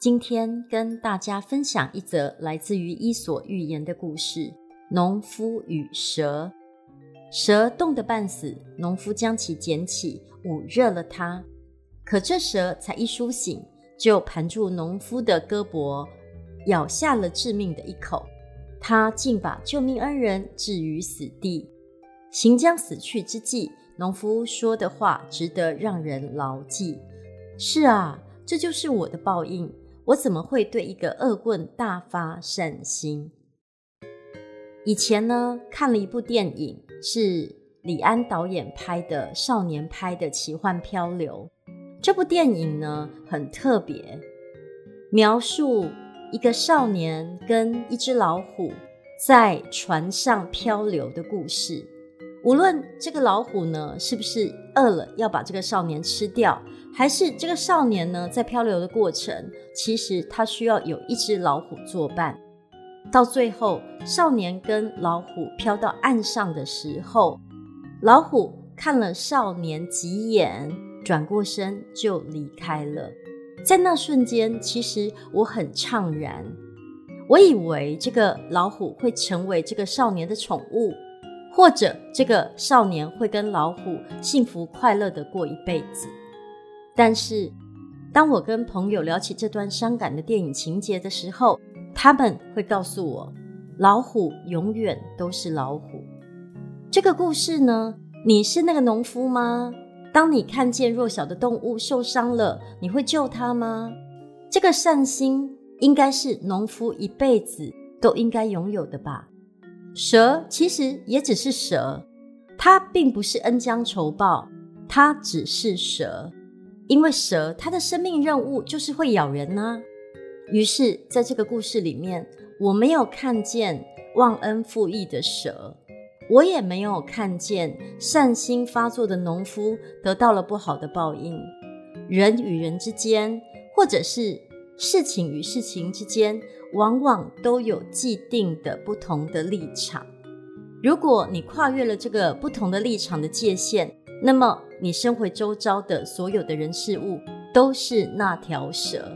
今天跟大家分享一則來自於《伊索寓言》的故事：農夫與蛇。蛇凍得半死，農夫將其撿起，捂熱了它。可這蛇才一蘇醒，就盤住農夫的胳膊，咬下了致命的一口。他竟把救命恩人置於死地。行將死去之際，農夫說的話值得讓人牢記：“是啊，這就是我的報應。”我怎麼會對一個惡棍大發善心？以前呢，看了一部電影，是李安導演拍的少年 Pi 的奇幻漂流。這部電影呢，很特別，描述一個少年跟一隻老虎在船上漂流的故事。無論這個老虎呢，是不是餓了要把這個少年吃掉，還是這個少年呢，在漂流的過程，其實他需要有一隻老虎作伴。到最後，少年跟老虎漂到岸上的時候，老虎看了少年幾眼，轉過身就離開了。在那瞬間，其實我很悵然。我以為這個老虎會成為這個少年的寵物。或者這個少年會跟老虎幸福快樂的過一輩子，但是當我跟朋友聊起這段傷感的電影情節的時候，他們會告訴我，老虎永遠都是老虎。這個故事呢，你是那個農夫嗎？當你看見弱小的動物受傷了，你會救它嗎？這個善心應該是農夫一輩子都應該擁有的吧。蛇其實也只是蛇，它並不是恩將仇報，它只是蛇。因為蛇它的生命任務就是會咬人啊，於是，在這個故事裡面，我沒有看見忘恩負義的蛇，我也沒有看見善心發作的農夫得到了不好的報應。人與人之間，或者是事情與事情之間。往往都有既定的不同的立場。如果你跨越了這個不同的立場的界限，那麼你生活周遭的所有的人事物都是那條蛇。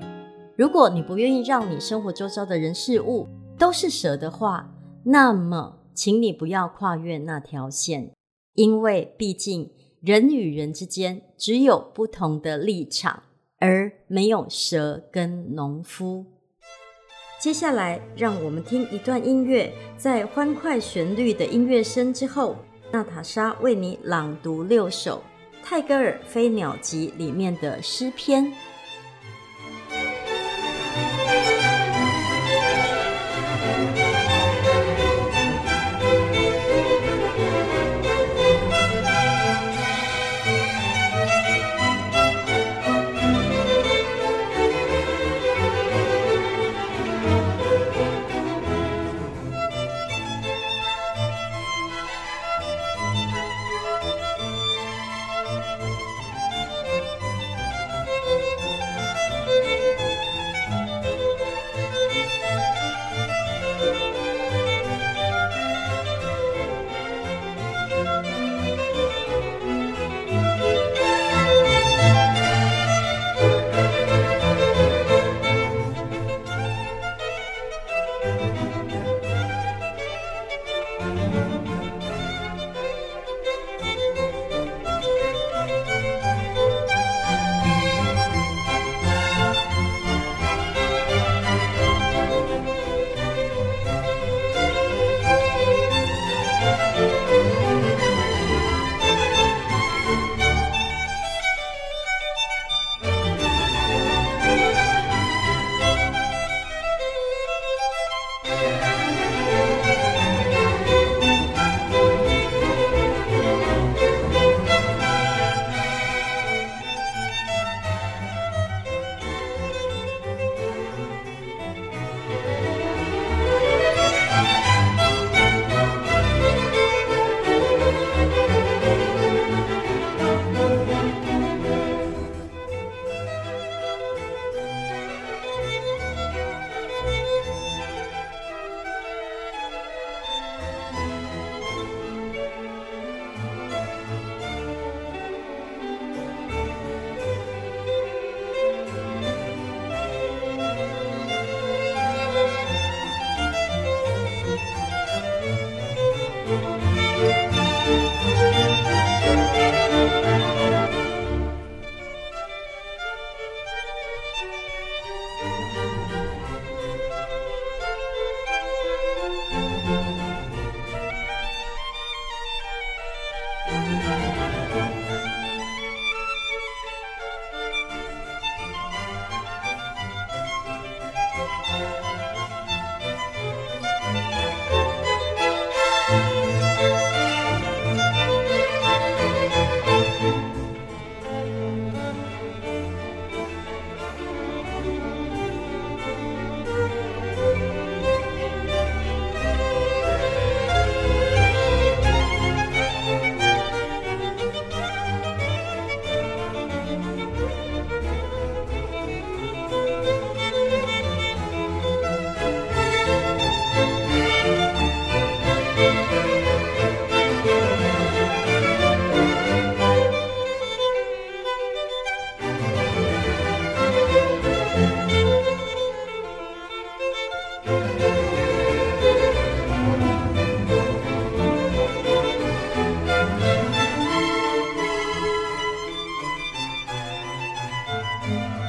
如果你不願意讓你生活周遭的人事物都是蛇的話，那麼請你不要跨越那條線，因為畢竟人與人之間只有不同的立場，而沒有蛇跟農夫。接下來，讓我們聽一段音樂。在歡快旋律的音樂聲之後，娜塔莎為你朗讀六首泰戈爾《飛鳥集》裡面的詩篇。葉兒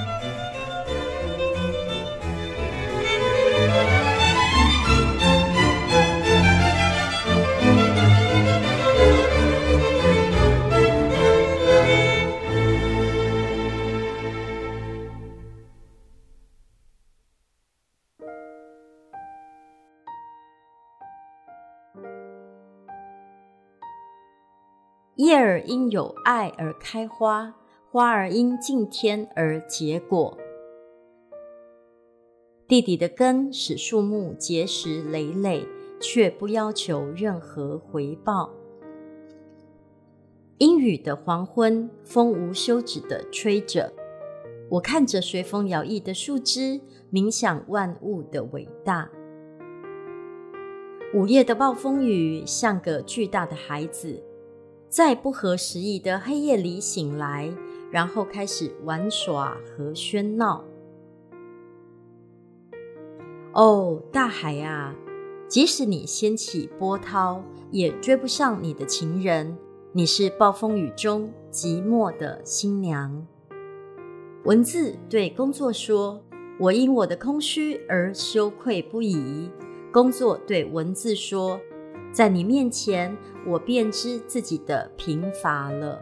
因有愛而開花。花兒因敬天而結果，地底的根使樹木結實累累，卻不要求任何回報。陰雨的黃昏，風無休止的吹着，我看着隨風搖曳的樹枝，冥想萬物的偉大。午夜的暴風雨像個巨大的孩子，在不合時宜的黑夜裡醒來。然後開始玩耍和喧鬧。哦，大海啊，即使你掀起波濤，也追不上你的情人。你是暴風雨中寂寞的新娘。文字對工作說：“我因我的空虛而羞愧不已。”工作對文字說：“在你面前，我便知自己的貧乏了。”